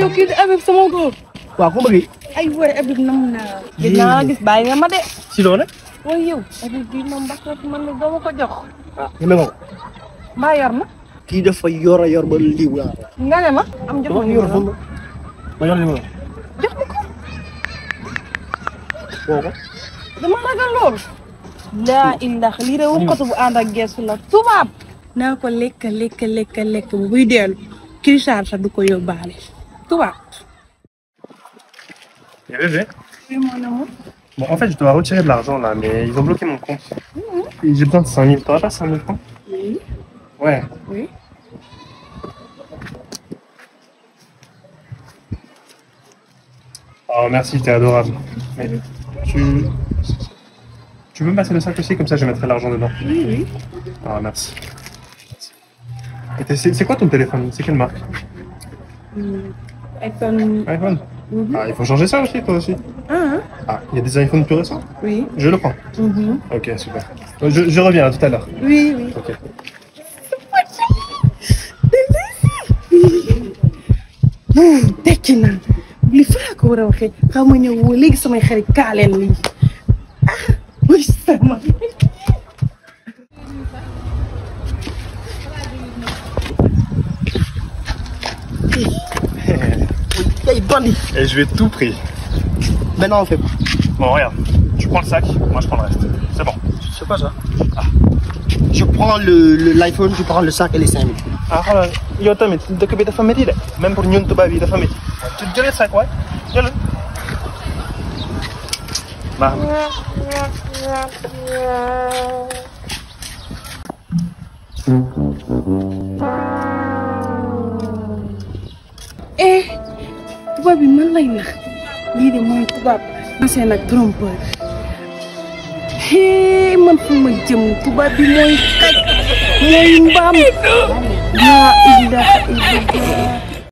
yow kii di Habib sama góor. waa ku bëgg. ay wóor Habib nam naa. gis bàyyi nga ma de. si loolu nag. waaye yow Habib bii man mii doo ko jox. ah ñu ma kii dafa yor a yor ba liiw ma. am jox ma yor ma ma yor li ma ko. woo ko. dama ragal laa illah lii de waxatu bu ànd ak geesu tubaab. naa ko lekk lekk lekk lekk bu buy kii saar sax du ko yóbbaale. tubaab. Il y a EG retirer de l'argent là, mais ils ont bloqué mon compte. Mhm. J'ai besoin de 5 000. francs Oui. Ouais. Oui. Oh, merci, t'es adorable. Mais tu. veux me passer le sac aussi Comme ça, je mettrai l'argent dedans. oh, merci. C'est quoi ton téléphone C'est quelle marque euh, iPhone. iPhone mm -hmm. Ah, il faut changer ça aussi, toi aussi. Ah, hein. ah, il y a des iPhones plus récents Oui. Je le prends. Mm -hmm. Ok, super. Euh, je, je reviens à tout à l'heure. Oui, oui. Ok. tekki naa li faa ko war a waxee xaw ma ñëw léegi samay xarit kaa leen lii ah Tandis. Et je vais tout prix. Ben non, on fait pas. Bon, regarde. Tu prends le sac, moi je prends le reste. C'est bon. Je sais pas ça. Ah. Je prends l'iPhone, le, le, je prends le sac et les 5000. Ah, voilà. Ah, ah. Yo tamit, dëkk bi dafa métti de. Même pour ñun tubaab yi dafa métti. Tu jëlee sac waay. Jëlal. Baax na. tubaab bi lii de mooy tubaab ancien nag trompeur hee man fu ma jëm tubaab bi mooy mbaam laa ilaaha illallaah